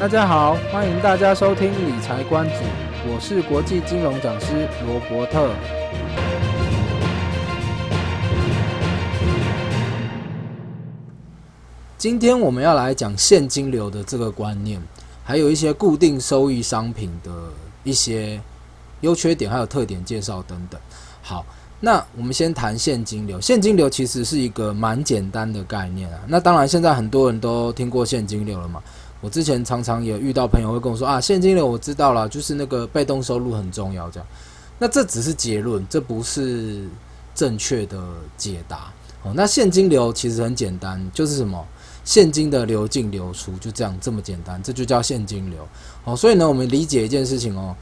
大家好，歡迎大家收聽理財觀注，我是國際金融講師羅伯特。今天我們要來講現金流的這個觀念，還有一些固定收益商品的一些優缺點，還有特點介紹等等。好，那我們先談現金流。現金流其實是一個蠻簡單的概念啊。那當然，現在很多人都聽過現金流了嘛。我之前常常也遇到朋友會跟我說啊，現金流我知道了，就是那個被動收入很重要這樣。那這只是結論，這不是正確的解答。好，那現金流其實很簡單，就是什麼現金的流進流出，就這樣這麼簡單，這就叫現金流。好，所以呢，我們理解一件事情哦，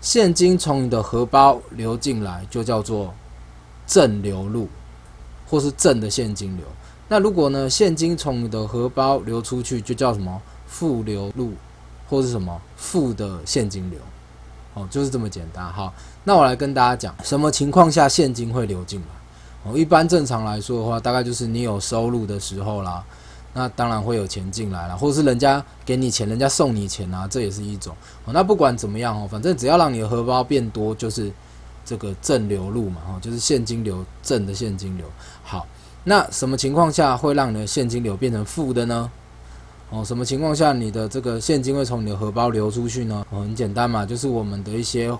現金從你的荷包流進來就叫做正流入，或是正的現金流。那如果呢，現金從你的荷包流出去就叫什麼？負流入，或是什麼負的現金流，哦，就是這麼簡單。好，那我來跟大家講，什麼情況下現金會流進來？哦，一般正常來說的話，大概就是你有收入的時候啦，那當然會有錢進來啦，或者是人家給你錢，人家送你錢啦，啊，這也是一種。哦，那不管怎麼樣哦，反正只要讓你的荷包變多，就是這個正流入嘛，哦，就是現金流，正的現金流。好，那什麼情況下會讓你的現金流變成負的呢？哦，什麼情況下你的這個現金會從你的荷包流出去呢？哦，很簡單嘛，就是我們的一些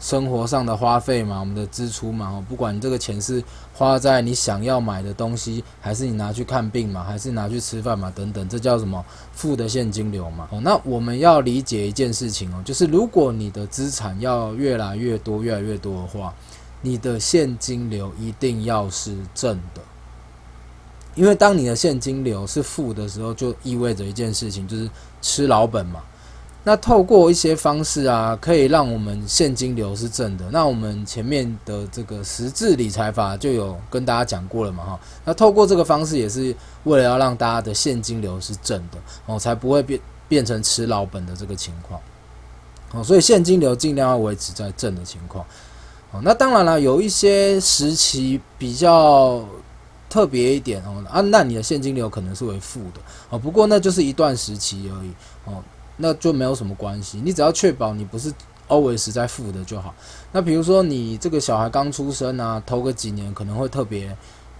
生活上的花費嘛，我們的支出嘛。哦，不管這個錢是花在你想要買的東西，還是你拿去看病嘛，還是拿去吃飯嘛，等等，這叫什麼，負的現金流嘛。哦，那我們要理解一件事情哦，就是如果你的資產要越來越多、越來越多的話，你的現金流一定要是正的。因為當你的現金流是負的時候，就意味着一件事情，就是吃老本嘛。那透過一些方式啊，可以讓我們現金流是正的。那我們前面的這個十字理財法就有跟大家講過了嘛，哈。那透過這個方式，也是為了要讓大家的現金流是正的，哦，才不會變變成吃老本的這個情況。哦，所以現金流盡量要維持在正的情況。哦，那當然了，有一些時期比較。特別一點哦啊，那你的現金流可能是為負的哦，不過那就是一段時期而已哦，那就沒有什麼關係。你只要確保你不是 always 在負的就好。那比如說你這個小孩剛出生啊，頭個幾年可能會特別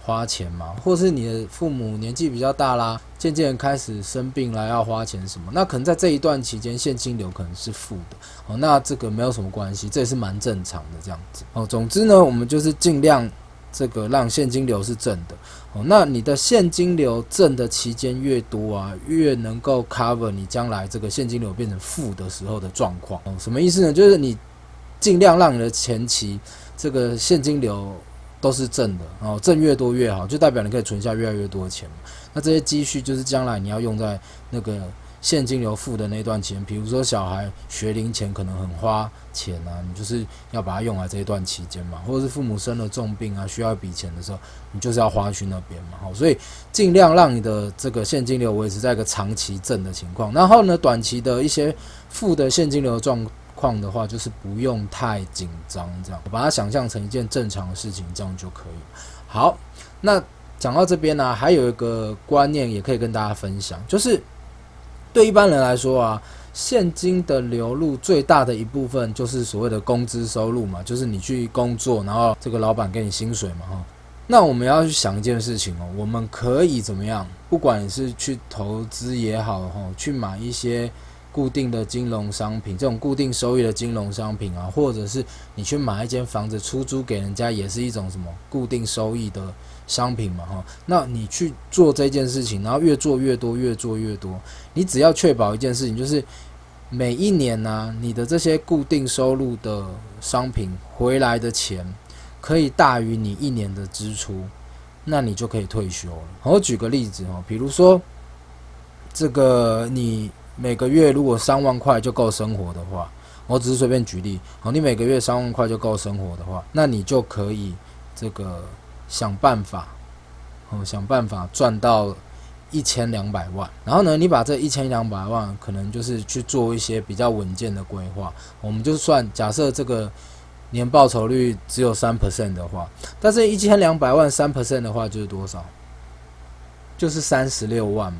花錢嘛，或是你的父母年紀比較大啦，漸漸開始生病了，要花錢什麼，那可能在這一段期間現金流可能是負的哦，那這個沒有什麼關係，這也是蠻正常的這樣子哦。總之呢，我們就是盡量。這個讓現金流是正的，哦，那你的現金流正的期間越多啊，越能夠 cover 你將來這個現金流變成負的時候的狀況。哦，什麼意思呢？就是你儘量讓你的前期這個現金流都是正的，哦，正越多越好，就代表你可以存下越來越多的錢。那這些積蓄就是將來你要用在那個。現金流負的那段錢，比如說小孩學齡前可能很花錢啊，你就是要把它用來這一段期間嘛，或者是父母生了重病啊，需要一筆錢的時候，你就是要花去那邊嘛。好，所以儘量讓你的這個現金流維持在一個長期正的情況，然後呢，短期的一些負的現金流狀況的話，就是不用太緊張，這樣把它想象成一件正常的事情，這樣就可以了。好，那講到這邊呢，啊，還有一個觀念也可以跟大家分享，就是。對一般人來說啊，現金的流入最大的一部分就是所謂的工資收入嘛，就是你去工作，然後這個老板給你薪水嘛，哈。那我們要去想一件事情哦，我們可以怎麼樣？不管是去投資也好，哈，去買一些。固定的金融商品，這種固定收益的金融商品啊，或者是你去買一間房子出租給人家，也是一種什麼固定收益的商品嘛，哈。那你去做這件事情，然後越做越多，越做越多，你只要確保一件事情，就是每一年呢啊，你的這些固定收入的商品回來的錢可以大於你一年的支出，那你就可以退休了。我舉個例子哈，比如說這個你。每個月如果三萬塊就夠生活的話，我只是隨便舉例。好，你每個月三萬塊就夠生活的話，那你就可以這個想辦法，哦，想辦法賺到一千兩百萬。然後呢，你把這一千兩百萬可能就是去做一些比較穩健的規劃。我們就算假設這個年報酬率只有三 percent 的話，但是一千兩百萬三 percent 的話就是多少？就是三十六萬嘛。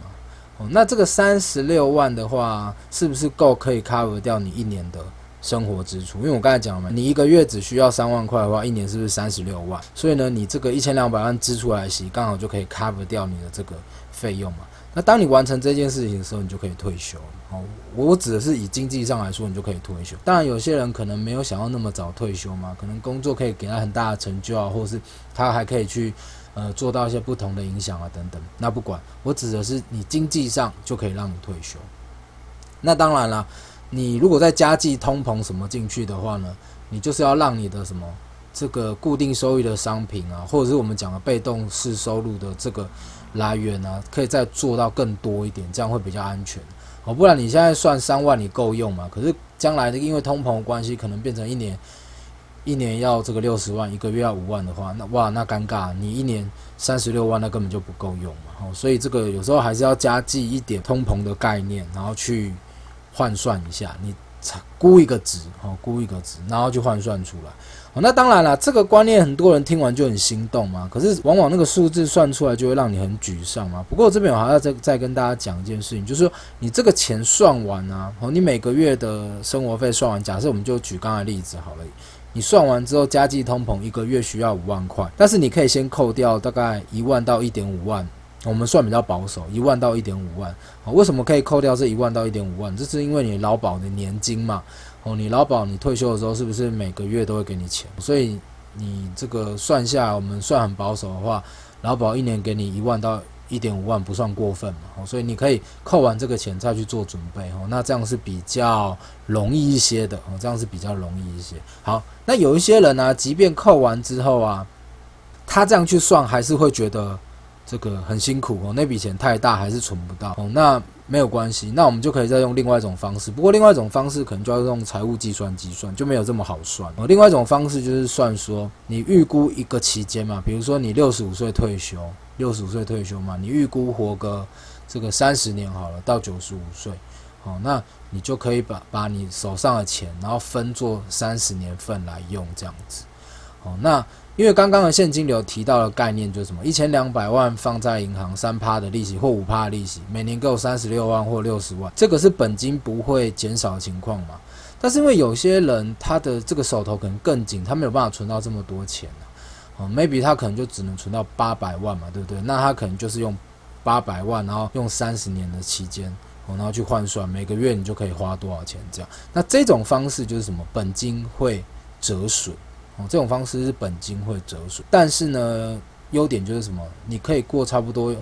哦，那這個三十六萬的話，是不是夠可以 cover 掉你一年的生活支出？因為我剛才講了嘛，你一個月只需要三萬塊的話，一年是不是三十六萬？所以呢，你這個一千兩百萬支出來洗，剛好就可以 cover 掉你的這個費用嘛。那當你完成這件事情的時候，你就可以退休。哦，我指的是以經濟上來說，你就可以退休。當然，有些人可能沒有想要那麼早退休嘛，可能工作可以給他很大的成就啊，或者是他還可以去。呃，做到一些不同的影響啊，等等。那不管，我指的是你經濟上就可以讓你退休。那當然了，你如果在加計通膨什麼進去的話呢，你就是要讓你的什麼這個固定收益的商品啊，或者是我們講的被動式收入的這個來源啊，可以再做到更多一點，這樣會比較安全。好，不然你現在算三萬，你夠用嗎？可是將來的因為通膨的關係，可能變成一年。一年要這個六十萬，一個月要五萬的話，那哇，那尷尬！你一年三十六萬，那根本就不夠用嘛。哦，所以這個有時候還是要加計一點通膨的概念，然後去換算一下，你估一個值，哦、估一個值，然後就換算出來。哦，那當然了，這個觀念很多人聽完就很心動嘛。可是往往那個數字算出來就會讓你很沮喪嘛。不過這邊我還要再再跟大家講一件事情，就是說你這個錢算完啊，哦，你每個月的生活費算完，假設我們就舉剛才例子好了。你算完之後，加計通膨一個月需要五萬塊，但是你可以先扣掉大概一萬到一點五萬，我們算比較保守，一萬到一點五萬。哦，為什麼可以扣掉這一萬到一點五萬？這是因為你勞保的年金嘛。哦，你勞保你退休的時候是不是每個月都會給你錢？所以你這個算下來，我們算很保守的話，勞保一年給你一萬到一點五萬不算過分嘛，哦，所以你可以扣完這個錢再去做準備哦，那這樣是比較容易一些的，哦，這樣是比較容易一些。好，那有一些人呢，啊，即便扣完之後啊，他這樣去算還是會覺得這個很辛苦哦，那筆錢太大，還是存不到哦。那沒有關係，那我們就可以再用另外一種方式。不過，另外一種方式可能就要用財務計算機算，就沒有這麼好算。哦，另外一種方式就是算說，你預估一個期間嘛，比如說你六十五歲退休，六十五歲退休嘛，你預估活個這個三十年好了，到九十五歲，哦，那你就可以把把你手上的錢，然後分作三十年份來用，這樣子，哦，那。因為剛剛的現金流提到的概念，就是什麼？一千兩百萬放在銀行三趴的利息或五趴利息，每年夠三十六萬或六十萬，這個是本金不會減少的情況嘛？但是因為有些人他的這個手頭可能更緊，他沒有辦法存到這麼多錢、啊、哦，maybe 他可能就只能存到八百萬嘛，對不對？那他可能就是用八百萬，然後用三十年的期間、哦，然後去換算每個月你就可以花多少錢這樣。那這種方式就是什麼？本金會折損。這種方式是本金會折損，但是呢，優點就是什麼？你可以過差不多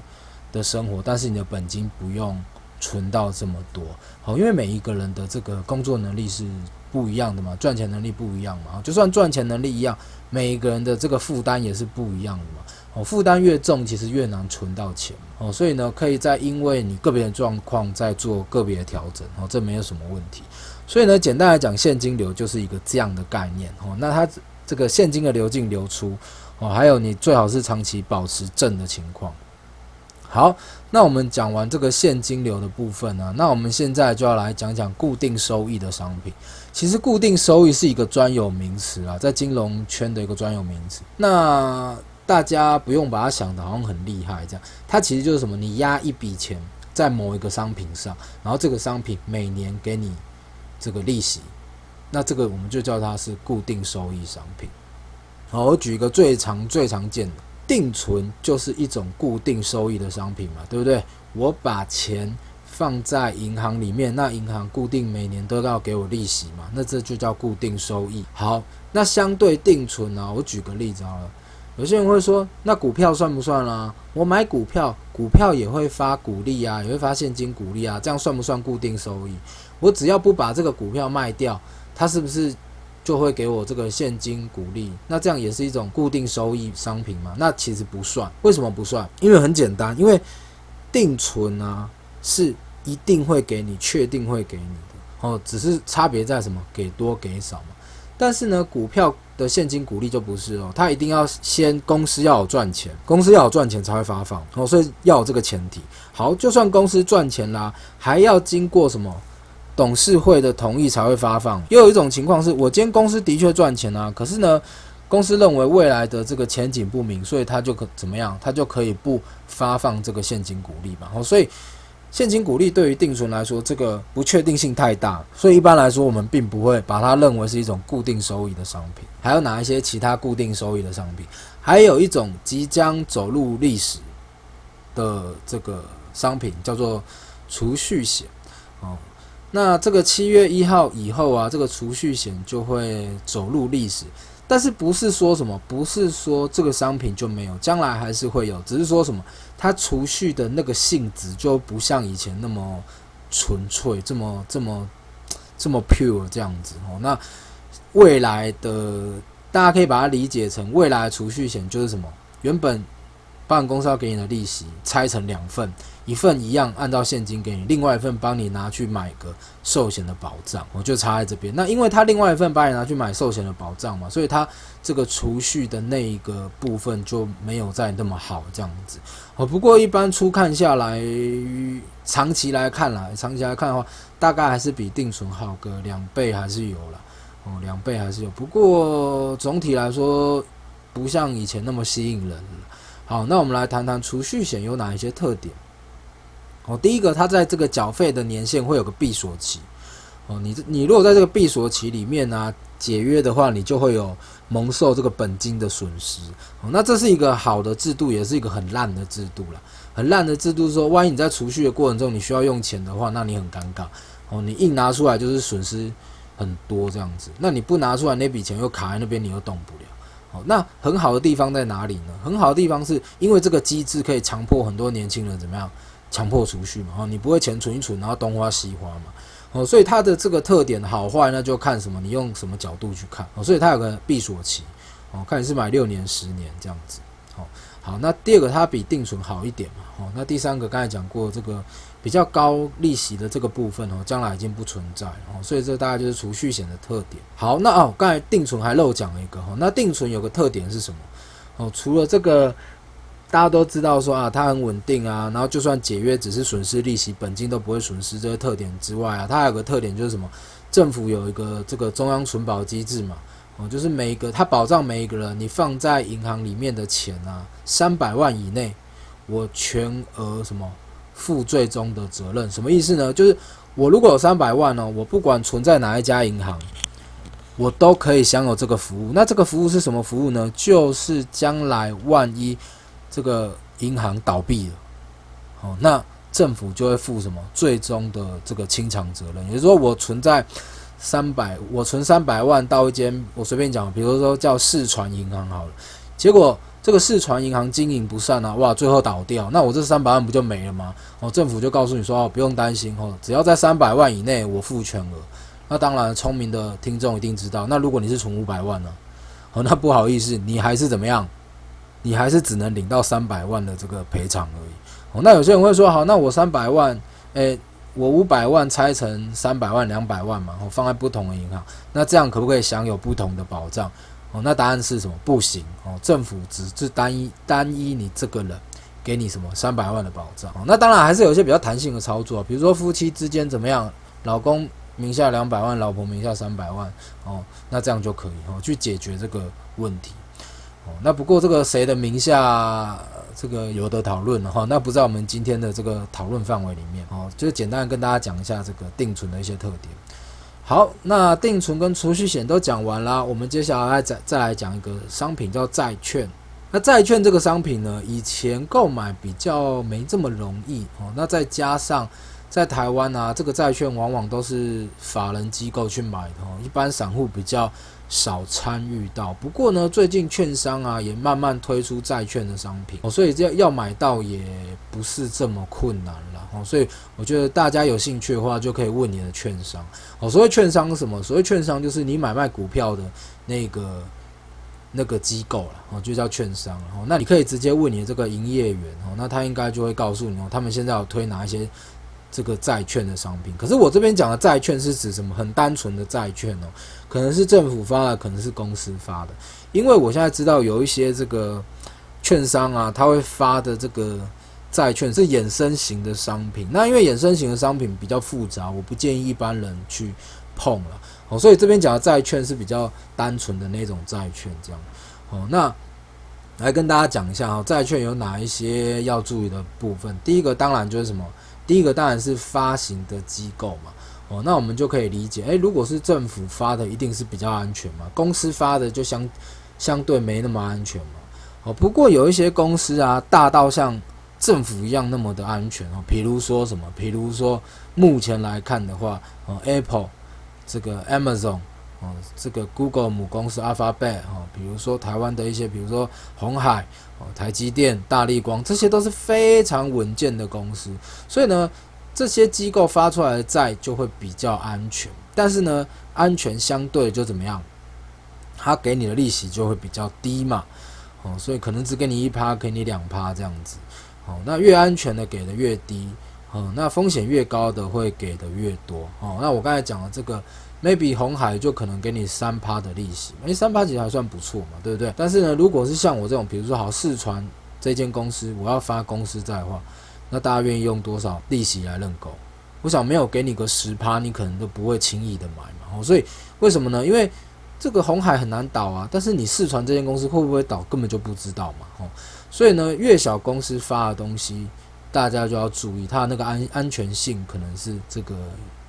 的生活，但是你的本金不用存到這麼多哦。因為每一個人的這個工作能力是不一樣的嘛，賺錢能力不一樣嘛。就算賺錢能力一樣，每一個人的這個負擔也是不一樣的嘛。哦，負擔越重，其實越難存到錢哦。所以呢，可以在因為你個別的狀況再做個別的調整哦，這沒有什麼問題。所以呢，簡單來講，現金流就是一個這樣的概念哦。那它。這個現金的流進流出哦，還有你最好是長期保持正的情況。好，那我們講完這個現金流的部分啊，那我們現在就要來講講固定收益的商品。其實固定收益是一個專有名詞啊，在金融圈的一個專有名詞。那大家不用把它想得好像很厲害這樣，它其實就是什麼？你押一筆錢在某一個商品上，然後這個商品每年給你這個利息。那這個我們就叫它是固定收益商品。好，我舉一個最常、最常見的定存，就是一種固定收益的商品嘛，對不對？我把錢放在銀行裡面，那銀行固定每年都要給我利息嘛，那這就叫固定收益。好，那相對定存呢、啊，我舉個例子好了，有些人會說，那股票算不算啊？我買股票，股票也會發股利啊，也會發現金股利啊，這樣算不算固定收益？我只要不把這個股票賣掉。它是不是就會給我這個現金股利？那這樣也是一種固定收益商品嗎？那其實不算。為什麼不算？因為很簡單，因為定存啊是一定會給你，確定會給你的哦。只是差別在什麼？給多給少嘛。但是呢，股票的現金股利就不是哦。它一定要先公司要有賺錢，公司要有賺錢才會發放哦。所以要有這個前提。好，就算公司賺錢啦、啊，還要經過什麼？董事會的同意才會發放。又有一種情況是，我今天公司的確賺錢啊，可是呢，公司認為未來的這個前景不明，所以他就可怎麼樣？他就可以不發放這個現金股利嘛。所以，現金股利對於定存來說，這個不確定性太大，所以一般來說，我們並不會把它認為是一種固定收益的商品。還有哪一些其他固定收益的商品？還有一種即將走入歷史的這個商品，叫做儲蓄險。那這個七月一號以後啊，這個儲蓄險就會走入歷史，但是不是說什麼？不是說這個商品就沒有，將來還是會有，只是說什麼？它儲蓄的那個性質就不像以前那麼純粹，這麼這麼這麼 pure 這樣子哦。那未來的大家可以把它理解成，未來儲蓄險就是什麼？原本保險公司要給你的利息拆成兩份。一份一樣按照現金給你，另外一份幫你拿去買個壽險的保障，我就插在這邊。那因為他另外一份幫你拿去買壽險的保障嘛，所以他這個儲蓄的那一個部分就沒有再那麼好這樣子。哦，不過一般初看下來，長期來看來，長期來看的話，大概還是比定存好個兩倍還是有了。哦，兩倍還是有。不過總體來說，不像以前那麼吸引人。好，那我們來談談儲蓄險有哪一些特點。哦，第一個，它在這個繳費的年限會有個閉鎖期。哦，你你如果在這個閉鎖期裡面呢，啊，解約的話，你就會有蒙受這個本金的損失。哦，那這是一個好的制度，也是一個很爛的制度啦。很爛的制度是說，萬一你在儲蓄的過程中你需要用錢的話，那你很尷尬。哦，你硬拿出來就是損失很多這樣子。那你不拿出來，那筆錢又卡在那邊，你又動不了。哦，那很好的地方在哪裡呢？很好的地方是因為這個機制可以強迫很多年輕人怎麼樣？強迫儲蓄嘛，哦，你不會錢存一存，然後東花西花嘛，哦，所以它的這個特點好壞，那就看什麼，你用什麼角度去看哦，所以它有個閉鎖期，哦，看你是買六年、十年這樣子，哦，好，那第二個它比定存好一點嘛，哦，那第三個剛才講過這個比較高利息的這個部分哦，將來已經不存在哦，所以這大概就是儲蓄險的特點。好，那哦，剛才定存還漏講了一個哈，那定存有個特點是什麼？哦，除了這個。大家都知道說啊，它很穩定啊，然後就算解約，只是損失利息，本金都不會損失。這些特點之外啊，它還有一個特點就是什麼？政府有一個這個中央存保機制嘛，哦、嗯，就是每一個它保障每一個人，你放在銀行裡面的錢啊，三百萬以內，我全額什麼負最終的責任？什麼意思呢？就是我如果有三百萬呢、哦，我不管存在哪一家銀行，我都可以享有這個服務。那這個服務是什麼服務呢？就是將來萬一。這個銀行倒閉了，哦，那政府就會負什麼最終的這個清償責任。也就是說，我存在三百，我存三百萬到一間，我隨便講，比如說叫世傳銀行好了。結果這個世傳銀行經營不善啊，哇，最後倒掉，那我這三百萬不就沒了嗎？哦，政府就告訴你說，哦，不用擔心哦，只要在三百萬以內，我付全額。那當然，聰明的聽眾一定知道，那如果你是存五百萬呢？啊？哦，那不好意思，你還是怎麼樣？你還是只能領到三百萬的這個賠償而已。哦，那有些人會說，好，那我三百萬，誒、欸，我五百萬拆成三百萬兩百萬嘛，哦，放在不同的銀行，那這樣可不可以享有不同的保障？哦，那答案是什麼？不行哦，政府只是單一單一你這個人給你什麼三百萬的保障。那當然還是有一些比較彈性的操作，比如說夫妻之間怎麼樣，老公名下兩百萬，老婆名下三百萬，哦，那這樣就可以哦，去解決這個問題。哦、那不過這個誰的名下，這個有得討論了哈、哦，那不在我們今天的這個討論範圍裡面哦，就簡單跟大家講一下這個定存的一些特點。好，那定存跟儲蓄險都講完了，我們接下來再再來講一個商品叫債券。那債券這個商品呢，以前購買比較沒這麼容易哦，那再加上。在台灣啊，這個債券往往都是法人機構去買的，一般散戶比較少參與到。不過呢，最近券商啊也慢慢推出債券的商品，所以要要買到也不是這麼困難了。所以我覺得大家有興趣的話，就可以問你的券商。哦，所謂券商是什麼？所謂券商就是你買賣股票的那個那個機構了。哦，就叫券商。哦，那你可以直接問你這個營業員。哦，那他應該就會告訴你哦，他們現在有推哪一些。這個債券的商品，可是我這邊講的債券是指什麼？很單純的債券哦、喔，可能是政府發的，可能是公司發的。因為我現在知道有一些這個券商啊，他會發的這個債券是衍生型的商品。那因為衍生型的商品比較複雜，我不建議一般人去碰了哦。好，所以這邊講的債券是比較單純的那種債券，這樣哦。那來跟大家講一下喔，債券有哪一些要注意的部分？第一個當然就是什麼？第一個當然是發行的機構嘛，哦，那我們就可以理解，誒、欸，如果是政府發的，一定是比較安全嘛，公司發的就相相對沒那麼安全嘛，哦，不過有一些公司啊，大到像政府一樣那麼的安全哦，比如說什麼，比如說目前來看的話，哦，Apple 這個 Amazon。哦，這個 Google 母公司 Alphabet 哦，比如說台灣的一些，比如說鴻海哦，台積電、大立光，這些都是非常穩健的公司，所以呢，這些機構發出來的債就會比較安全，但是呢，安全相對的就怎麼樣？他給你的利息就會比較低嘛，哦，所以可能只給你一趴，給你兩趴這樣子，哦，那越安全的給的越低，哦，那風險越高的會給的越多，哦，那我剛才講的這個。maybe 鴻海就可能給你三趴的利息，因為三趴其實還算不錯嘛，對不對？但是呢，如果是像我這種，比如說好像四川這間公司，我要發公司債的話，那大家願意用多少利息來認購？我想沒有給你個十趴，你可能都不會輕易的買嘛。哦，所以為什麼呢？因為這個鴻海很難倒啊，但是你四川這間公司會不會倒，根本就不知道嘛。哦，所以呢，越小公司發的東西，大家就要注意它的那個安安全性，可能是這個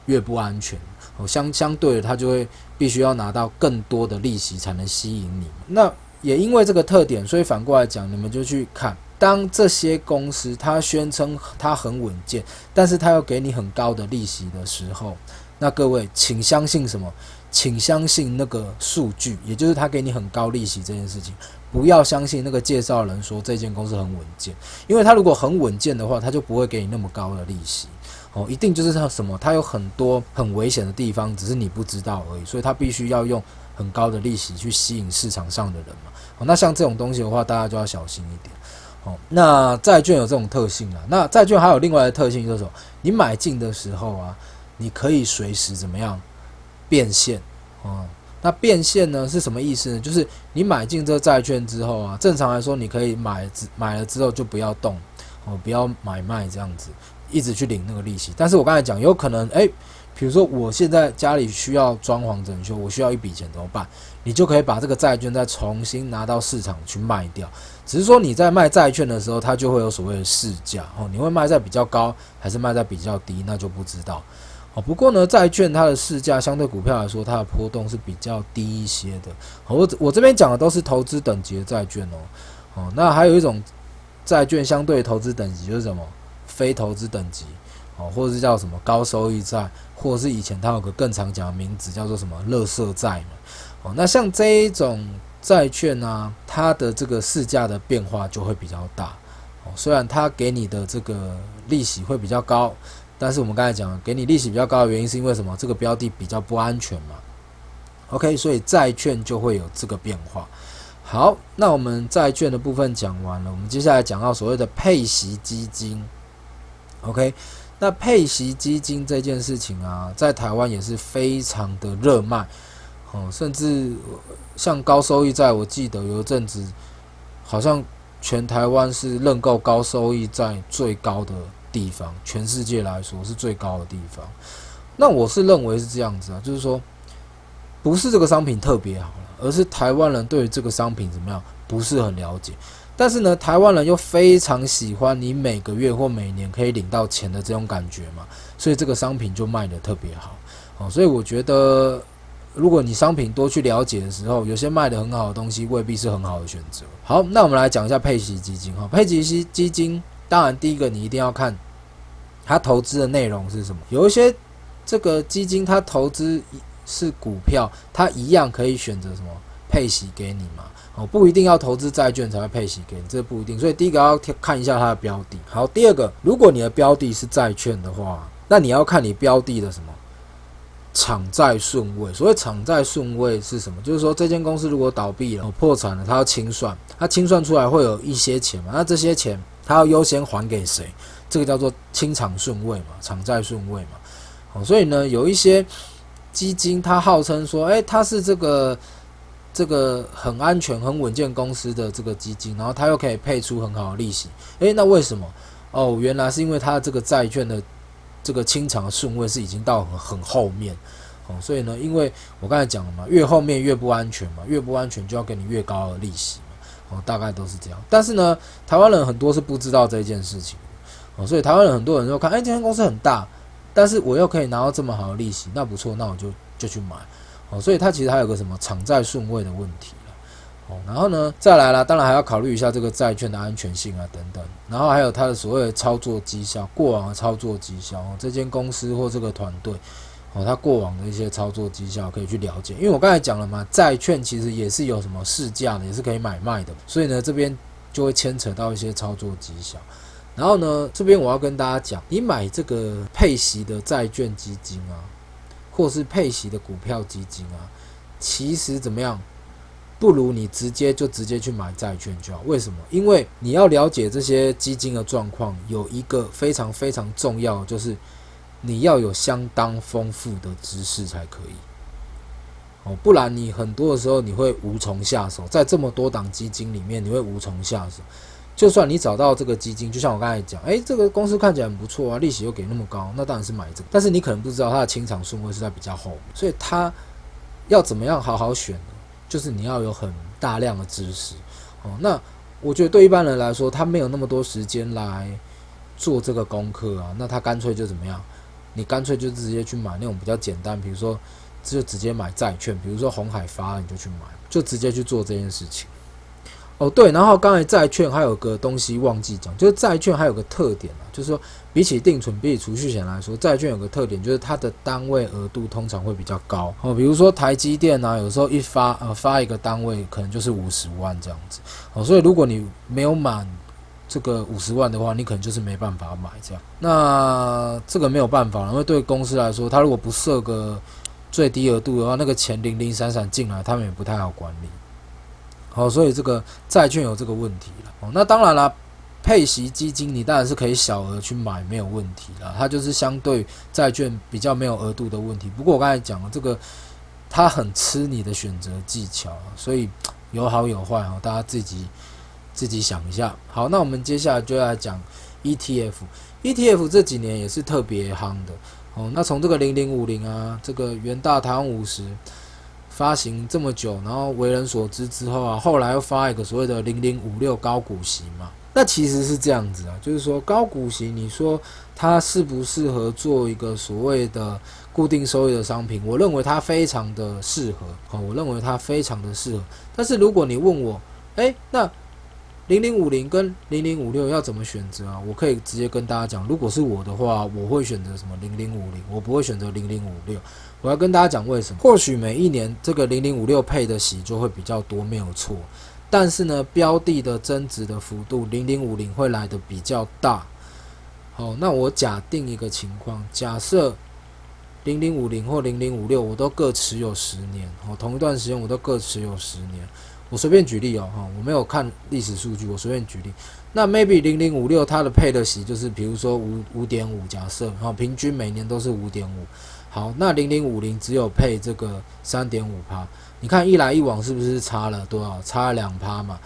越不安全。相相對的，他就會必須要拿到更多的利息才能吸引你。那也因為這個特點，所以反過來講，你們就去看，當這些公司他宣稱他很穩健，但是他要給你很高的利息的時候，那各位，請相信什麼？請相信那個數據，也就是他給你很高利息這件事情。不要相信那個介紹人說這間公司很穩健，因為他如果很穩健的話，他就不會給你那麼高的利息。哦，一定就是它什麼，它有很多很危險的地方，只是你不知道而已，所以它必須要用很高的利息去吸引市場上的人嘛。哦，那像這種東西的話，大家就要小心一點。哦，那債券有這種特性了。那債券還有另外的特性，就是什麼，你買進的時候啊，你可以隨時怎麼樣變現。哦，那變現呢，是什麼意思呢？就是你買進這債券之後啊，正常來說你可以買買了之後就不要動，哦，不要買賣這樣子。一直去領那個利息，但是我剛才講有可能，誒、欸，比如說我現在家裡需要裝潢整修，我需要一筆錢怎麼辦？你就可以把這個債券再重新拿到市場去賣掉。只是說你在賣債券的時候，它就會有所謂的市價哦，你會賣在比較高還是賣在比較低，那就不知道哦。不過呢，債券它的市價相對股票來說，它的波動是比較低一些的。我、哦、我這邊講的都是投資等級的債券哦。哦，那還有一種債券相對投資等級就是什麼？非投資等級哦，或者是叫什麼高收益債，或者是以前它有個更常講的名字叫做什麼垃圾債嘛。哦，那像這一種債券呢、啊，它的這個市價的變化就會比較大。哦，雖然它給你的這個利息會比較高，但是我們剛才講，給你利息比較高的原因是因為什麼？這個標的比較不安全嘛。OK，所以債券就會有這個變化。好，那我們債券的部分講完了，我們接下來講到所謂的配息基金。OK，那配息基金這件事情啊，在台灣也是非常的熱賣，哦，甚至像高收益債，我記得有一陣子，好像全台灣是認購高收益債最高的地方，全世界來說是最高的地方。那我是認為是這樣子啊，就是說，不是這個商品特別好，而是台灣人對於這個商品怎麼樣不是很了解。但是呢，台灣人又非常喜歡你每個月或每年可以領到錢的這種感覺嘛，所以這個商品就賣得特別好。好，所以我覺得，如果你商品多去了解的時候，有些賣得很好的東西未必是很好的選擇。好，那我們來講一下配息基金哈。配息基金，當然第一個你一定要看它投資的內容是什麼。有一些這個基金它投資是股票，它一樣可以選擇什麼配息給你嘛。哦，不一定要投資債券才會配息給你，這不一定。所以第一個要看一下它的標的。好，第二個，如果你的標的是債券的話，那你要看你標的的什麼償債順位。所謂償債順位是什麼？就是說這間公司如果倒閉了、哦、破產了，它要清算，它清算出來會有一些錢嘛？那這些錢它要優先還給誰？這個叫做清償順位嘛，償債順位嘛。好，哦，所以呢，有一些基金它號稱說，誒、欸，它是這個。這個很安全、很穩健公司的這個基金，然後它又可以配出很好的利息，誒，那為什麼？哦，原來是因為它這個債券的這個清償的順位是已經到很很後面，哦，所以呢，因為我剛才講了嘛，越後面越不安全嘛，越不安全就要給你越高的利息嘛，哦，大概都是這樣。但是呢，台灣人很多是不知道這件事情，哦，所以台灣人很多人都看，誒、哎，這間公司很大，但是我又可以拿到這麼好的利息，那不錯，那我就就去買。哦，所以它其實還有個什麼償債順位的問題哦，然後呢，再來了，當然還要考慮一下這個債券的安全性啊等等，然後還有它的所謂的操作績效，過往的操作績效，這間公司或這個團隊，哦，它過往的一些操作績效可以去了解，因為我剛才講了嘛，債券其實也是有什麼市價的，也是可以買賣的，所以呢，這邊就會牽扯到一些操作績效，然後呢，這邊我要跟大家講，你買這個配息的債券基金啊。或是配息的股票基金啊，其實怎麼樣，不如你直接就直接去買債券就好。為什麼？因為你要了解這些基金的狀況，有一個非常非常重要的，就是你要有相當豐富的知識才可以。哦，不然你很多的時候你會無從下手，在這麼多檔基金裡面，你會無從下手。就算你找到這個基金，就像我剛才講，誒、欸，這個公司看起來很不錯啊，利息又給那麼高，那當然是買這個。但是你可能不知道它的清償順位是在比較後，所以它要怎麼樣好好選呢？就是你要有很大量的知識哦。那我覺得對一般人來說，他沒有那麼多時間來做這個功課啊，那他乾脆就怎麼樣？你乾脆就直接去買那種比較簡單，比如說就直接買債券，比如說紅海發你就去買，就直接去做這件事情。哦、oh, 對，然後剛才債券還有個東西忘記講，就是債券還有個特點啊，就是說比起定存、比起儲蓄險來說，債券有個特點就是它的單位額度通常會比較高。哦，比如說台積電啊，有時候一發呃發一個單位可能就是五十萬這樣子。哦，所以如果你沒有滿這個五十萬的話，你可能就是沒辦法買這樣。那這個沒有辦法，然因為對公司來說，它如果不設個最低額度的話，那個錢零零散散進來，他們也不太好管理。好、哦，所以這個債券有這個問題了。哦，那當然啦，配息基金你當然是可以小額去買，沒有問題了。它就是相對債券比較沒有額度的問題。不過我剛才講了，這個它很吃你的選擇技巧，啊，所以有好有壞，哦、大家自己自己想一下。好，那我們接下來就來講 ETF。ETF 這幾年也是特別夯的。哦，那從這個零零五零啊，這個元大台灣五十。發行這麼久，然後為人所知之後啊，後來又發一個所謂的零零五六高股息嘛，那其實是這樣子啊，就是說高股息，你說它適不適合做一個所謂的固定收益的商品？我認為它非常的適合啊，我認為它非常的適合。但是如果你問我，誒、欸，那零零五零跟零零五六要怎麼選擇啊？我可以直接跟大家講，如果是我的話，我會選擇什麼零零五零，我不會選擇零零五六。我要跟大家講為什麼？或許每一年這個零零五六配的息就會比較多，沒有錯。但是呢，標的的增值的幅度零零五零會來得比較大。好，那我假定一個情況，假設零零五零或零零五六，我都各持有十年，好，同一段時間我都各持有十年。我隨便舉例哦，哈，我沒有看歷史數據，我隨便舉例。那 maybe 零零五六它的配的息就是，比如說五五點五，假設好，平均每年都是五點五。好，那零零五零只有配這個三點五趴，你看一來一往是不是差了多少差2？差了兩趴嘛，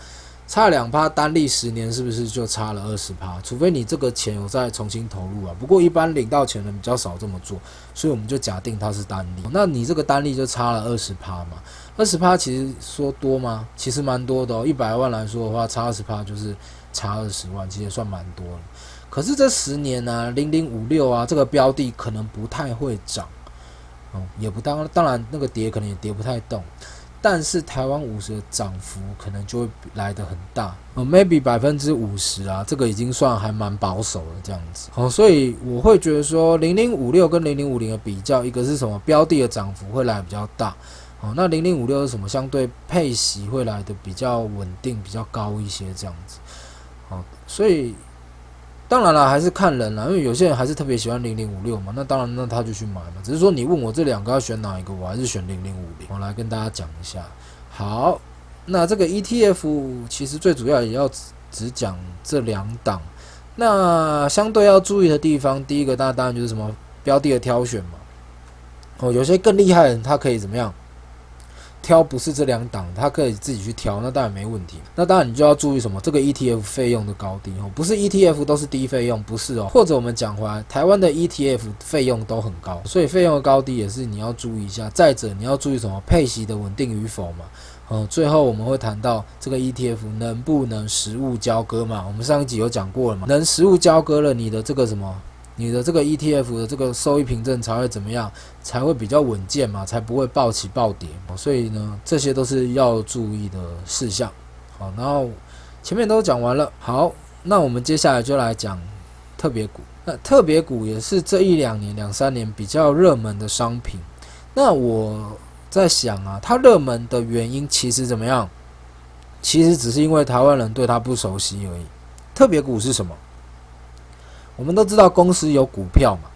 差兩趴單利十年是不是就差了二十趴？除非你這個錢有再重新投入啊。不過一般領到錢的比較少這麼做，所以我們就假定它是單利。那你這個單利就差了二十趴嘛20？二十趴其實說多嗎？其實蠻多的哦。一百萬來說的話差20，差二十趴就是。差二十萬其實算蠻多了，可是這十年呢、啊，零零五六啊，這個標的可能不太會漲，哦、嗯，也不當當然那個跌可能也跌不太動，但是台灣五十的漲幅可能就會來得很大，哦、嗯，maybe 百分之五十啊，這個已經算還蠻保守了這樣子，哦、嗯，所以我會覺得說零零五六跟零零五零的比較，一個是什麼標的的漲幅會來得比較大，哦、嗯，那零零五六是什麼相對配息會來得比較穩定比較高一些這樣子。所以，當然了，還是看人了，因為有些人還是特別喜歡零零五六嘛，那當然，那他就去買嘛。只是說，你問我這兩個要選哪一個，我還是選零零五零。我來跟大家講一下。好，那這個 ETF 其實最主要也要只只講這兩檔。那相對要注意的地方，第一個那當然就是什麼標的的挑選嘛。哦，有些更厲害的人他可以怎麼樣？挑不是這兩檔，它可以自己去挑，那當然沒問題。那當然你就要注意什麼？這個 ETF 費用的高低哦，不是 ETF 都是低費用，不是哦。或者我們講回來，台灣的 ETF 費用都很高，所以費用的高低也是你要注意一下。再者你要注意什麼？配息的穩定與否嘛。嗯，最後我們會談到這個 ETF 能不能實物交割嘛？我們上一集有講過了嘛，能實物交割了，你的這個什麼？你的這個 ETF 的這個收益憑證才會怎麼樣？才會比較穩健嘛？才不會暴起暴跌。所以呢，這些都是要注意的事項。好，然後前面都講完了。好，那我們接下來就來講特別股。那特別股也是這一兩年、兩三年比較熱門的商品。那我在想啊，它熱門的原因其實怎麼樣？其實只是因為台灣人對它不熟悉而已。特別股是什麼？我們都知道公司有股票嘛，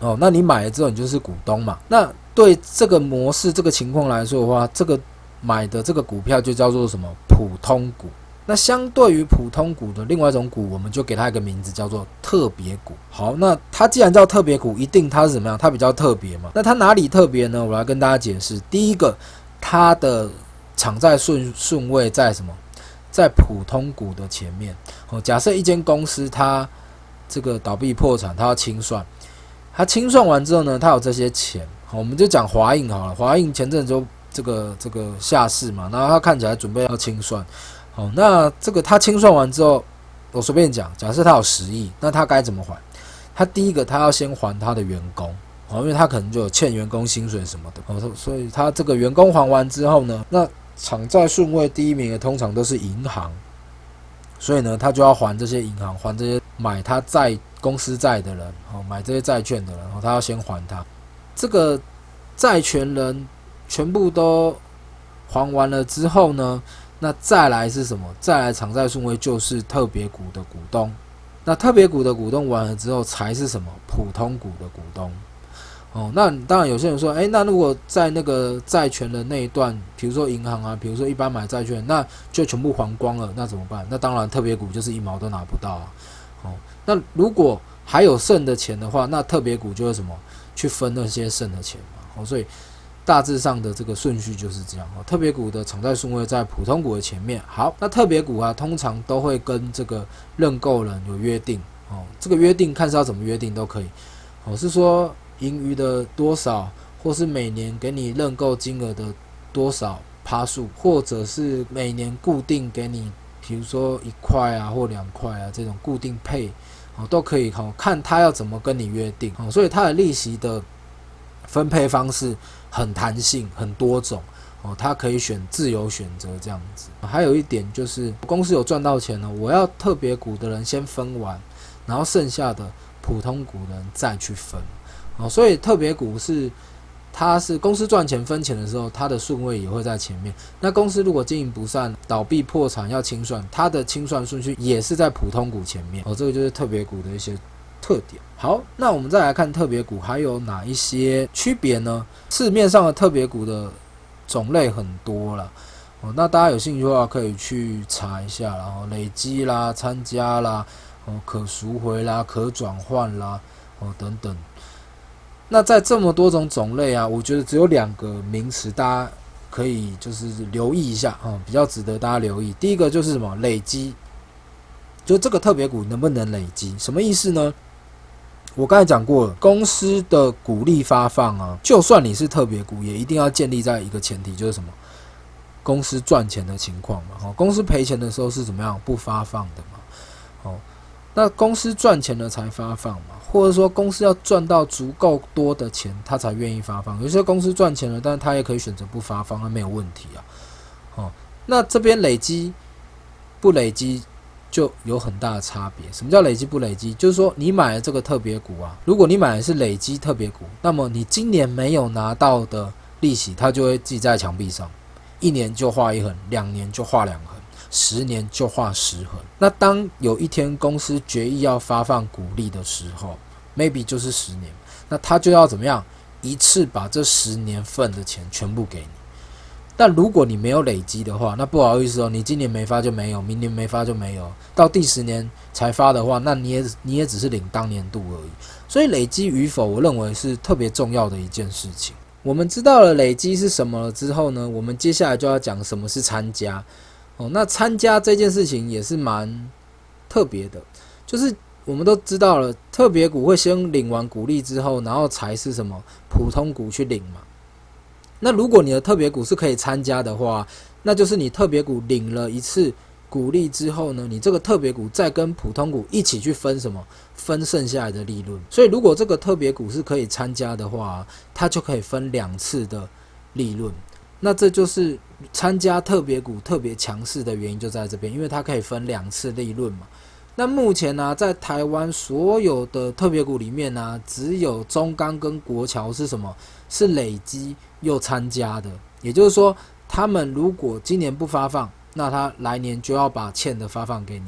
哦，那你買了之後你就是股東嘛。那對這個模式、這個情況來說的話，這個買的這個股票就叫做什麼普通股。那相對於普通股的另外一種股，我們就給它一個名字叫做特別股。好，那它既然叫特別股，一定它是怎麼樣？它比較特別嘛。那它哪裡特別呢？我來跟大家解釋。第一個，它的償債順順位在什麼？在普通股的前面。哦，假設一間公司它這個倒閉破產，他要清算，他清算完之後呢，他有這些錢，好，我們就講華映好了。華映前陣子這個這個下市嘛，然後他看起來準備要清算，好，那這個他清算完之後，我隨便講，假設他有十億，那他該怎麼還？他第一個他要先還他的員工，好，因為他可能就有欠員工薪水什麼的，好，所以他這個員工還完之後呢，那償債順位第一名的通常都是銀行。所以呢，他就要還這些銀行，還這些買他債、公司債的人，哦，買這些債券的人，然後他要先還他。這個債權人全部都還完了之後呢，那再來是什麼？再來償債順位就是特別股的股東。那特別股的股東完了之後才是什麼？普通股的股東。哦，那當然，有些人說，誒、欸，那如果在那個債權的那一段，比如說銀行啊，比如說一般買債券，那就全部還光了，那怎麼辦？那當然，特別股就是一毛都拿不到啊。哦，那如果還有剩的錢的話，那特別股就是什麼？去分那些剩的錢嘛。哦，所以大致上的這個順序就是這樣。哦，特別股的償債順位在普通股的前面。好，那特別股啊，通常都會跟這個認購人有約定。哦，這個約定看是要怎麼約定都可以。哦，是說。盈餘的多少，或是每年給你認購金額的多少趴數，或者是每年固定給你，比如說一塊啊或兩塊啊這種固定配哦都可以哦，看他要怎麼跟你約定哦。所以他的利息的分配方式很彈性，很多種哦，他可以選自由選擇這樣子。還有一點就是，公司有賺到錢了，我要特別股的人先分完，然後剩下的普通股的人再去分。哦，所以特別股是，它是公司賺錢分錢的時候，它的順位也會在前面。那公司如果經營不善、倒閉、破產要清算，它的清算順序也是在普通股前面。哦，這個就是特別股的一些特點。好，那我們再來看特別股還有哪一些區別呢？市面上的特別股的種類很多了，哦，那大家有興趣的話可以去查一下，然後累積啦、參加啦、哦，可贖回啦、可轉換啦、哦，等等。那在這麼多種種類啊，我覺得只有兩個名詞，大家可以就是留意一下啊、嗯，比較值得大家留意。第一個就是什麼？累積，就這個特別股能不能累積？什麼意思呢？我剛才講過了，公司的股利發放啊，就算你是特別股，也一定要建立在一個前提，就是什麼？公司賺錢的情況嘛。哦、嗯，公司賠錢的時候是怎麼樣？不發放的嘛？哦、嗯，那公司賺錢了才發放嘛。或者說公司要賺到足夠多的錢，他才願意發放。有些公司賺錢了，但是他也可以選擇不發放，那沒有問題啊。哦，那這邊累積不累積就有很大的差別。什麼叫累積不累積？就是說你買了這個特別股啊，如果你買的是累積特別股，那麼你今年沒有拿到的利息，它就會記在牆壁上，一年就畫一橫，兩年就畫兩橫。十年就畫十橫。那當有一天公司決議要發放股利的時候，maybe 就是十年，那他就要怎麼樣一次把這十年份的錢全部給你。但如果你沒有累積的話，那不好意思哦，你今年沒發就沒有，明年沒發就沒有，到第十年才發的話，那你也你也只是領當年度而已。所以累積與否，我認為是特別重要的一件事情。我們知道了累積是什麼了之後呢，我們接下來就要講什麼是參加。哦，那參加這件事情也是蠻特別的，就是我們都知道了，特別股會先領完股利之後，然後才是什麼普通股去領嘛。那如果你的特別股是可以參加的話，那就是你特別股領了一次股利之後呢，你這個特別股再跟普通股一起去分什麼分剩下來的利潤。所以如果這個特別股是可以參加的話，它就可以分兩次的利潤。那這就是參加特別股特別強勢的原因，就在這邊，因為它可以分兩次利潤嘛。那目前呢、啊，在台灣所有的特別股裡面呢、啊，只有中鋼跟國橋是什麼？是累積又參加的。也就是說，他們如果今年不發放，那他來年就要把欠的發放給你。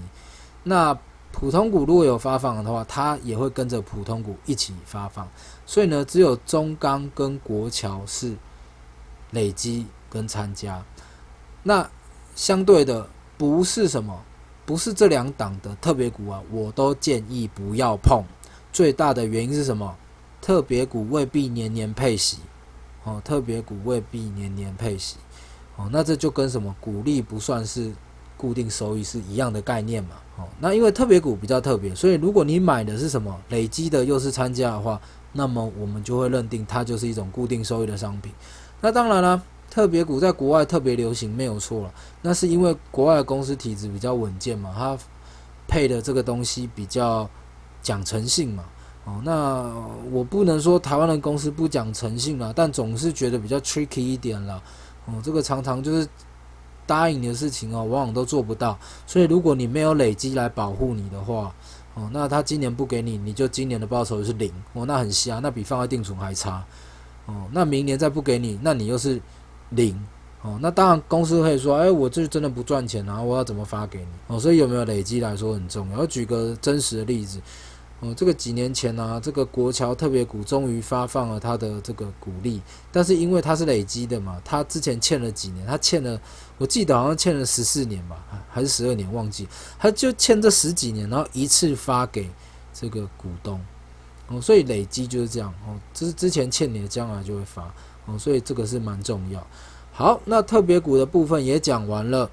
那普通股如果有發放的話，它也會跟着普通股一起發放。所以呢，只有中鋼跟國橋是。累積跟參加，那相對的不是什麼，不是這兩檔的特別股啊，我都建議不要碰。最大的原因是什麼？特別股未必年年配息，哦，特別股未必年年配息，哦，那這就跟什麼股利不算是固定收益是一樣的概念嘛，哦，那因為特別股比較特別，所以如果你買的是什麼累積的又是參加的話，那麼我們就會認定它就是一種固定收益的商品。那當然了、啊，特別股在國外特別流行，沒有錯了。那是因為國外的公司體制比較穩健嘛，它配的這個東西比較講誠信嘛。哦，那我不能說台灣的公司不講誠信了，但總是覺得比較 tricky 一點了。哦，這個常常就是答應你的事情哦，往往都做不到。所以如果你沒有累積來保護你的話，哦，那他今年不給你，你就今年的報酬是零。哦，那很瞎，那比放在定存還差。哦，那明年再不給你，那你又是零。哦，那當然公司會說，哎、欸，我這真的不賺錢，然後我要怎麼發給你？哦，所以有沒有累積來說很重要。我舉個真實的例子，哦、嗯，這個幾年前呢、啊，這個國喬特別股終於發放了他的這個股利，但是因為他是累積的嘛，他之前欠了幾年，他欠了，我記得好像欠了十四年吧，還是十二年，忘記，他就欠這十幾年，然後一次發給這個股東。嗯、所以累積就是這樣哦，就是之前欠你的將來就會發、嗯、所以這個是蠻重要。好，那特別股的部分也講完了，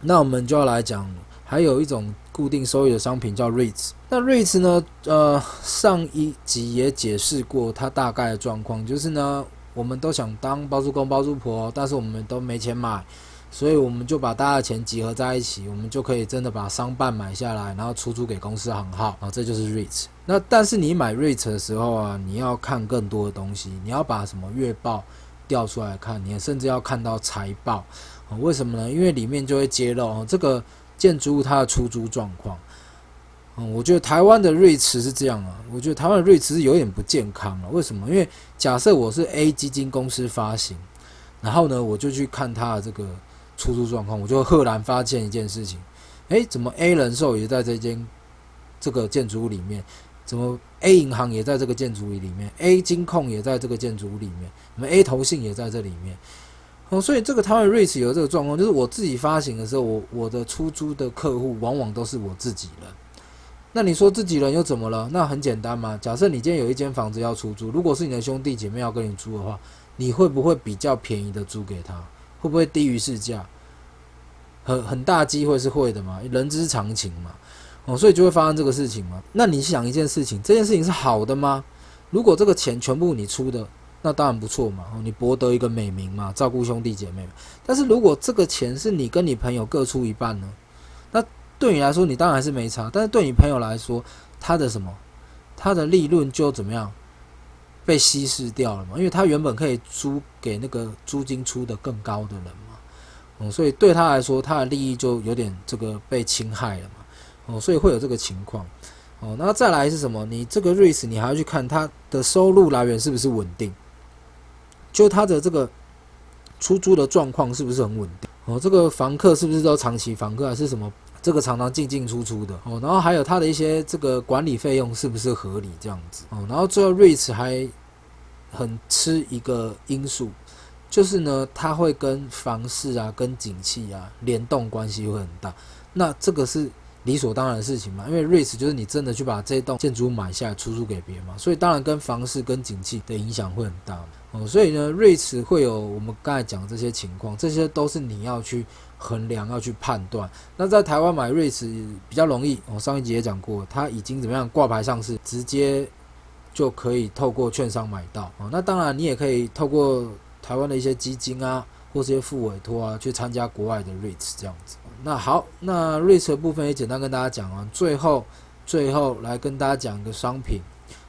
那我們就要來講還有一種固定收益的商品叫 REITs。那 REITs 呢，呃，上一集也解釋過它大概的狀況，就是呢，我們都想當包租公包租婆，但是我們都沒錢買，所以我們就把大家的錢集合在一起，我們就可以真的把商辦買下來，然後出租給公司行號啊，這就是 REITs。那但是你買 REITs 的時候啊，你要看更多的東西，你要把什麼月報調出來看，你甚至要看到財報。嗯，為什麼呢？因為裡面就會揭露哦，這個建築物它的出租狀況。嗯，我覺得台灣的 REITs 是這樣啊，我覺得台灣的 REITs 是有點不健康了啊。為什麼？因為假設我是 A 基金公司發行，然後呢，我就去看它的這個出租狀況，我就赫然發現一件事情，誒、欸，怎麼 A 人壽也在這間這個建築物裡面？什麼？A 銀行也在這個建築裡裡面，A 金控也在這個建築裡面，我們 A 投信也在這裡面。嗯，所以這個他們瑞士有這個狀況，就是我自己發行的時候，我我的出租的客戶往往都是我自己人。那你說自己人又怎麼了？那很簡單嘛。假設你今天有一間房子要出租，如果是你的兄弟姐妹要跟你租的話，你會不會比較便宜的租給他？會不會低於市價？很很大機會是會的嘛，人之常情嘛。哦，所以就會發生這個事情嘛，那你想一件事情，這件事情是好的嗎？如果這個錢全部你出的，那當然不錯嘛，你博得一個美名嘛，照顧兄弟姐妹嘛。但是如果這個錢是你跟你朋友各出一半呢，那對你來說你當然是沒差，但是對你朋友來說，他的什麼，他的利潤就怎麼樣被稀釋掉了嘛？因為他原本可以租給那個租金出的更高的人嘛，嗯，所以對他來說，他的利益就有點這個被侵害了嘛。哦，所以會有這個情況，哦，那再來是什麼？你這個 REITs 你還要去看它的收入來源是不是穩定，就它的這個出租的狀況是不是很穩定？哦，這個房客是不是都長期房客，還是什麼？這個常常進進出出的，哦，然後還有它的一些這個管理費用是不是合理這樣子？哦，然後最後 REITs 還很吃一個因素，就是呢，它會跟房市啊、跟景氣啊聯動關係會很大。那這個是。理所當然的事情嘛，因為 REITs 就是你真的去把這棟建築買下來出租給別人嘛，所以當然跟房市跟景氣的影響會很大，嗯、哦，所以呢，REITs 會有我們剛才講的這些情況，這些都是你要去衡量、要去判斷。那在台灣買 REITs 比較容易，我、哦、上一集也講過，它已經怎麼樣掛牌上市，直接就可以透過券商買到。哦、那當然你也可以透過台灣的一些基金啊，或是一些複委託啊，去參加國外的 REITs 這樣子。那好，那瑞士的部分也簡單跟大家講完、啊。最後，最後來跟大家講一個商品，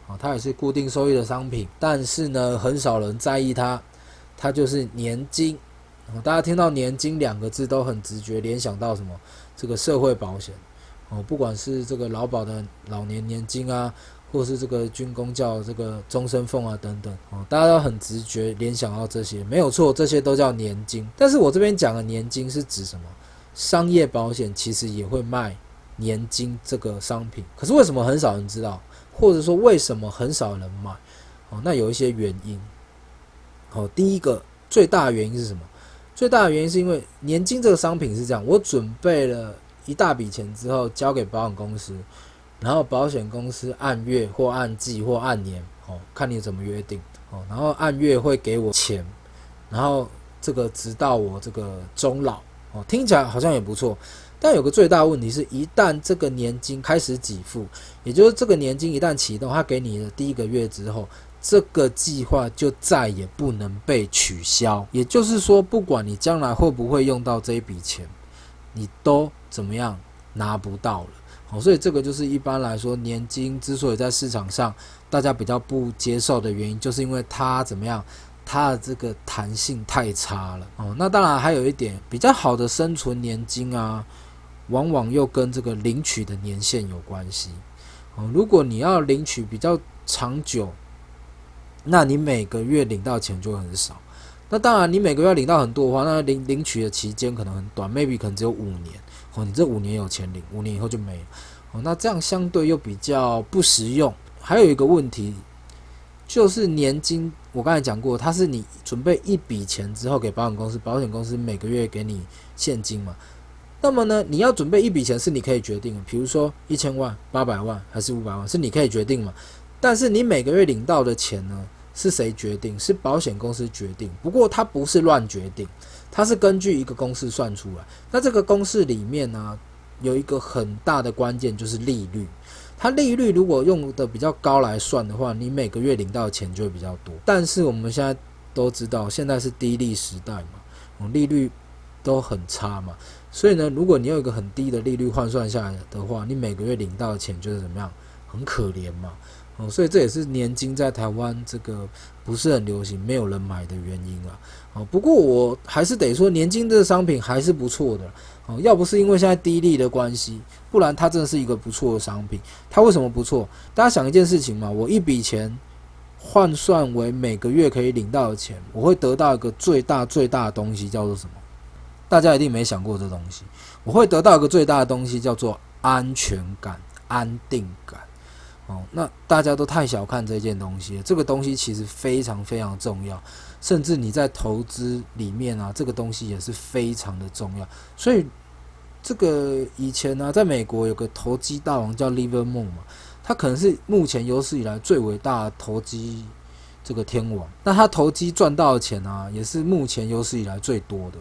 啊，它也是固定收益的商品，但是呢，很少人在意它。它就是年金。大家聽到年金兩個字，都很直覺聯想到什麼？這個社會保險，哦，不管是這個勞保的老年年金啊，或是這個軍公教這個終身俸啊等等，哦，大家都很直覺聯想到這些，沒有錯，這些都叫年金。但是我這邊講的年金是指什麼？商業保險其實也會賣年金這個商品，可是為什麼很少人知道，或者說為什麼很少人買？哦，那有一些原因。哦，第一個最大的原因是什麼？最大的原因是因為年金這個商品是這樣：我準備了一大筆錢之後交給保險公司，然後保險公司按月或按季或按年哦，看你怎麼約定哦，然後按月會給我錢，然後這個直到我這個終老。哦，聽起來好像也不錯，但有個最大問題是，一旦這個年金開始給付，也就是這個年金一旦啟動，它給你的第一個月之後，這個計劃就再也不能被取消。也就是說，不管你將來會不會用到這一筆錢，你都怎麼樣拿不到了。哦，所以這個就是一般來說，年金之所以在市場上大家比較不接受的原因，就是因為它怎麼樣？它的這個彈性太差了哦。那當然還有一點比較好的生存年金啊，往往又跟這個領取的年限有關係哦。如果你要領取比較長久，那你每個月領到錢就會很少。那當然，你每個月領到很多的話，那領領取的期間可能很短，maybe 可能只有五年哦。你這五年有錢領，五年以後就沒了哦。那這樣相對又比較不實用。還有一個問題就是年金。我剛才講過，它是你準備一筆錢之後給保險公司，保險公司每個月給你現金嘛。那麼呢，你要準備一筆錢是你可以決定的，比如說一千萬、八百萬還是五百萬，是你可以決定嘛？但是你每個月領到的錢呢，是誰決定？是保險公司決定。不過它不是亂決定，它是根據一個公式算出來。那這個公式裡面呢、啊，有一個很大的關鍵就是利率。它利率如果用的比較高來算的話，你每個月領到的錢就會比較多。但是我們現在都知道，現在是低利時代嘛，嗯，利率都很差嘛，所以呢，如果你有一個很低的利率換算下來的話，你每個月領到的錢就是怎麼樣？很可憐嘛。嗯，所以這也是年金在台灣這個不是很流行，沒有人買的原因啊。哦，不過我還是得說，年金這個商品還是不錯的哦。要不是因為現在低利的關係，不然它真的是一個不錯的商品。它為什麼不錯？大家想一件事情嘛，我一筆錢換算為每個月可以領到的錢，我會得到一個最大最大的東西，叫做什麼？大家一定沒想過這東西。我會得到一個最大的東西，叫做安全感、安定感。哦，那大家都太小看這件東西，這個東西其實非常非常重要。甚至你在投資裡面啊，這個東西也是非常的重要。所以，這個以前呢、啊，在美國有個投機大王叫 Livermore 嘛，他可能是目前有史以來最偉大的投機這個天王。那他投機賺到的錢啊，也是目前有史以來最多的。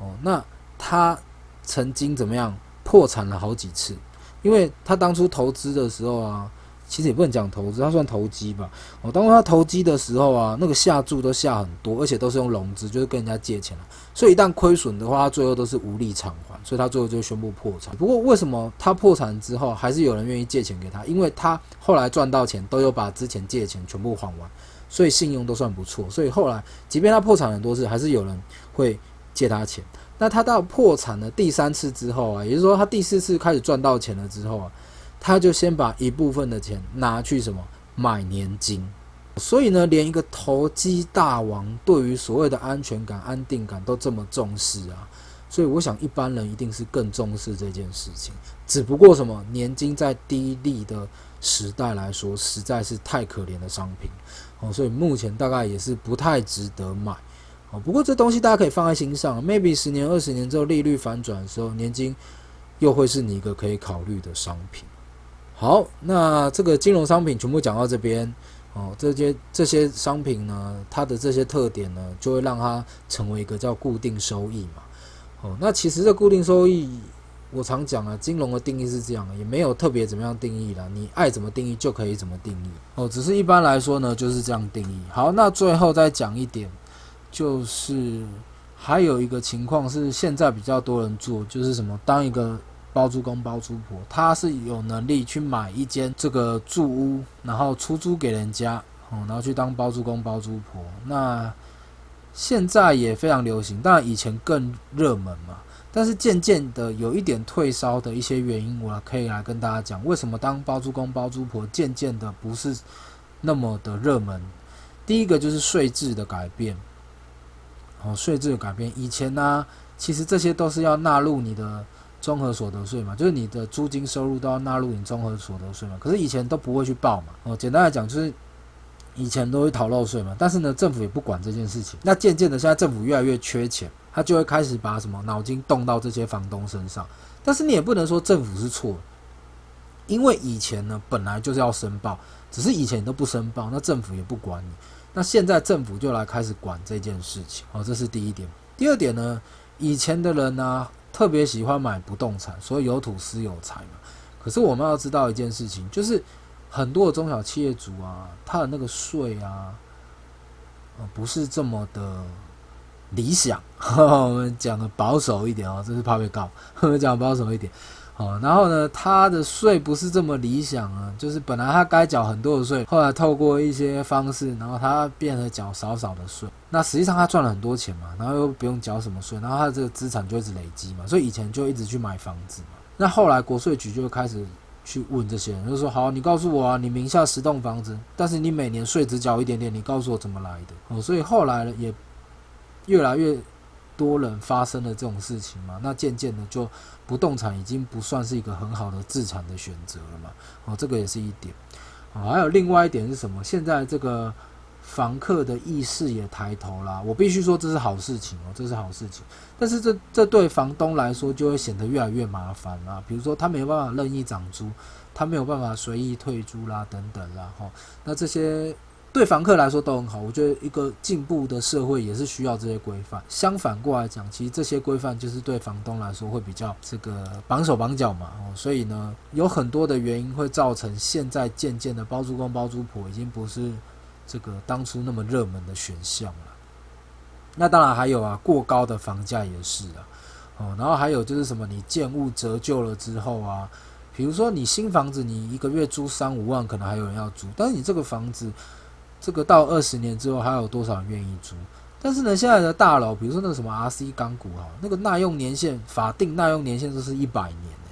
哦，那他曾經怎麼樣破產了好幾次。因為他當初投資的時候啊。其實也不能講投資，他算投機吧。哦，當他投機的時候啊，那個下注都下很多，而且都是用融資，就是跟人家借錢了啊。所以一旦虧損的話，他最後都是無力償還，所以他最後就宣布破產。不過為什麼他破產之後還是有人願意借錢給他？因為他後來賺到錢，都有把之前借錢全部還完，所以信用都算不錯。所以後來即便他破產很多次，還是有人會借他錢。那他到破產了第三次之後啊，也就是說他第四次開始賺到錢了之後啊。他就先把一部分的錢拿去什麼買年金，所以呢，連一個投機大王對於所謂的安全感、安定感都這麼重視啊，所以我想一般人一定是更重視這件事情。只不過什麼年金在低利的時代來說實在是太可憐的商品哦，所以目前大概也是不太值得買哦。不過這東西大家可以放在心上，maybe 十年、二十年之後利率反轉的時候，年金又會是你一個可以考慮的商品。好，那這個金融商品全部講到這邊哦，這些這些商品呢，它的這些特點呢，就會讓它成為一個叫固定收益嘛。哦，那其實這固定收益，我常講啊，金融的定義是這樣，也沒有特別怎麼樣定義啦，你愛怎麼定義就可以怎麼定義。哦，只是一般來說呢，就是這樣定義。好，那最後再講一點，就是還有一個情況是現在比較多人做，就是什麼當一個。包租公包租婆，他是有能力去買一間這個住屋，然後出租給人家，哦、嗯，然後去當包租公包租婆。那現在也非常流行，當然以前更熱門嘛。但是漸漸的有一點退燒的一些原因，我可以來跟大家講，為什麼當包租公包租婆漸漸的不是那麼的熱門？第一個就是稅制的改變，哦，稅制的改變，以前呢、啊，其實這些都是要納入你的。綜合所得稅嘛，就是你的租金收入都要納入你綜合所得稅嘛。可是以前都不會去報嘛。哦，簡單來講就是以前都會逃漏稅嘛。但是呢，政府也不管這件事情。那漸漸的，現在政府越來越缺錢，他就會開始把什麼腦筋動到這些房東身上。但是你也不能說政府是錯，因為以前呢本來就是要申報，只是以前都不申報，那政府也不管你。那現在政府就來開始管這件事情。好、哦，這是第一點。第二點呢，以前的人呢、啊。特別喜歡買不動產，所以有土斯有財嘛。可是我們要知道一件事情，就是很多的中小企業主啊，他的那個稅啊，呃，不是這麼的理想。呵呵我們講的保守一點哦，這是怕被告，我們講保守一點。哦，然後呢，他的稅不是這麼理想啊，就是本來他該繳很多的稅，後來透過一些方式，然後他變得繳少少的稅。那實際上他賺了很多錢嘛，然後又不用繳什麼稅，然後他的這個資產就一直累積嘛，所以以前就一直去買房子嘛。那後來國稅局就開始去問這些人，就是說：好，你告訴我啊，你名下十棟房子，但是你每年稅只繳一點點，你告訴我怎麼來的？哦，所以後來呢也越來越。多人發生了這種事情嘛，那漸漸的就不動產已經不算是一個很好的資產的選擇了嘛。哦，這個也是一點。啊、哦，還有另外一點是什麼？現在這個房客的意識也抬頭啦。我必須說這是好事情哦，這是好事情。但是這這對房東來說就會顯得越來越麻煩啦。比如說他沒有辦法任意漲租，他沒有辦法隨意退租啦，等等啦。哈、哦，那這些對房客來說都很好，我覺得一個進步的社會也是需要這些規範。相反過來講，其實這些規範就是對房東來說會比較這個綁手綁腳嘛，哦，所以呢，有很多的原因會造成現在漸漸的包租公包租婆已經不是這個當初那麼熱門的選項了。那當然還有啊，過高的房價也是啊，哦，然後還有就是什麼，你建物折舊了之後啊，比如說你新房子，你一個月租三五萬，可能還有人要租，但是你這個房子。這個到二十年之後還有多少人願意租？但是呢，現在的大樓，比如說那個什麼 RC 鋼骨哈，那個耐用年限、法定耐用年限都是一百年呢。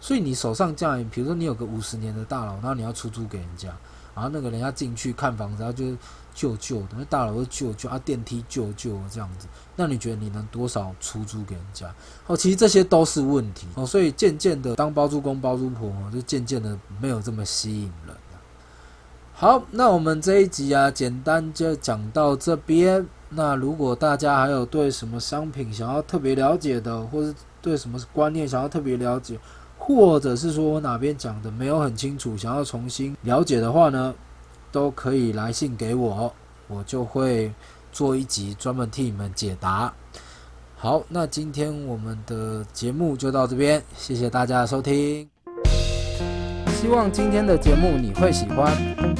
所以你手上這樣，比如說你有個五十年的大樓，然後你要出租給人家，然後那個人家進去看房子，他就舊舊的，那大樓就舊舊，啊電梯舊舊這樣子，那你覺得你能多少出租給人家？哦，其實這些都是問題哦，所以漸漸的，當包租公包租婆就漸漸的沒有這麼吸引。好，那我們這一集啊，簡單就講到這邊。那如果大家還有對什麼商品想要特別了解的，或是對什麼觀念想要特別了解，或者是說我哪邊講的沒有很清楚，想要重新了解的話呢，都可以來信給我，我就會做一集專門替你們解答。好，那今天我們的節目就到這邊，謝謝大家的收聽。希望今天的節目你會喜歡。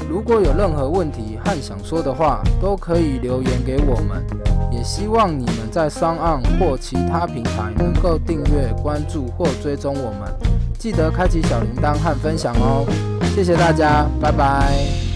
如果有任何問題和想說的話，都可以留言給我們。也希望你們在 SoundOn 或其他平台能夠訂閱、關注或追蹤我們，記得開啟小鈴鐺和分享哦。謝謝大家，拜拜。